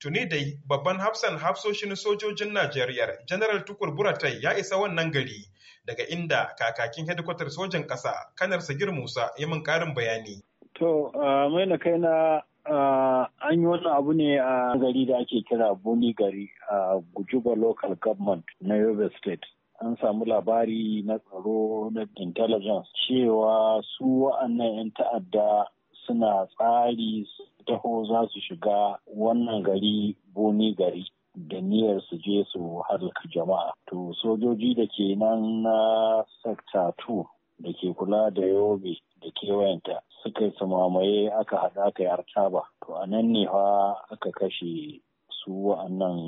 Tuni dai babban hafsan hafsoshin sojojin Najeriya General Tukur Buratai ya isa wannan gari daga inda kakakin hedikwatar sojan ƙasa Kanar Sagir Musa ya min ƙarin bayani. To, mai na kai na an yi wani abu ne a gari da ake kira Buni gari a Gujuba Local Government na Yobe State. an samu labari na tsaro na intelligence cewa su wa'annan 'yan ta'adda suna tsari taho za su shiga wannan gari boni gari da niyyar su je su halaka jama'a. To sojoji da ke nan na Sekta 2 da ke kula da yobe da kewayenta suka yi mamaye aka haɗa aka yi artaba. To a nan ne fa aka kashe su wa'annan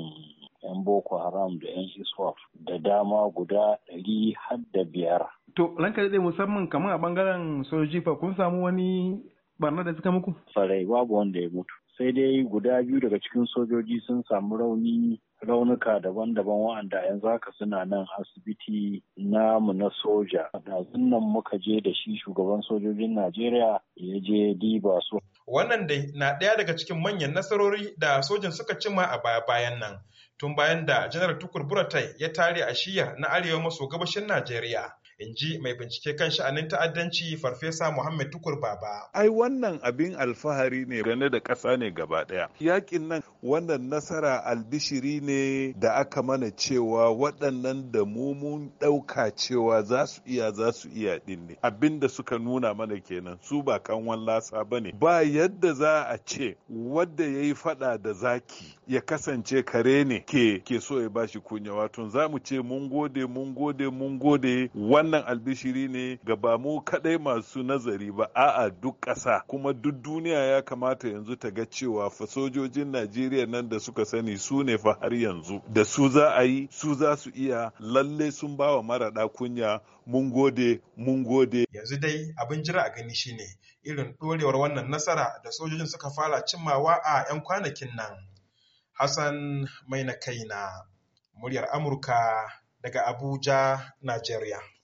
'yan Boko Haram da 'yan ISWAF da dama guda ɗari har da biyar. To, ranka da musamman kamar a bangaren sojoji fa kun samu wani barna da suka muku? Sarai babu wanda ya mutu. Sai dai guda biyu daga cikin sojoji sun samu rauni raunuka daban-daban wa'anda yanzu haka suna nan asibiti namu na soja. Dazun nan muka je da shi shugaban sojojin Najeriya ya je diba su. Wannan da na ɗaya daga cikin manyan nasarori da sojin suka cima a baya-bayan nan. Tun bayan da Janar Tukur Buratai ya tare a shiya na arewa maso gabashin Najeriya. in ji mai bincike kan sha'anin ta'addanci farfesa muhammad tukur baba ai wannan abin alfahari ne gane da ƙasa ne gaba ɗaya yakin nan wannan nasara albishiri ne da aka mana cewa waɗannan da mu mun ɗauka cewa za su iya za su iya ɗin ne abin da suka nuna mana kenan su ba kanwan lasa ba ne ba yadda za a ce wadda ya yi faɗa da zaki ya kasance kare ne ke so ya bashi kunya wato za mu ce mun gode mun gode mun gode wannan albishiri ne ga ba mu kadai masu nazari ba a'a duk ƙasa kuma duk duniya ya kamata yanzu ta ga cewa fa sojojin Najeriya nan da suka sani su ne fa har yanzu da su za a yi su za su iya lalle sun ba wa marada kunya mun gode mun gode yanzu dai abin jira a gani shine irin dorewar wannan nasara da sojojin suka fara cimmawa a 'yan kwanakin nan Hassan mai na kai na muryar Amurka daga Abuja, Najeriya.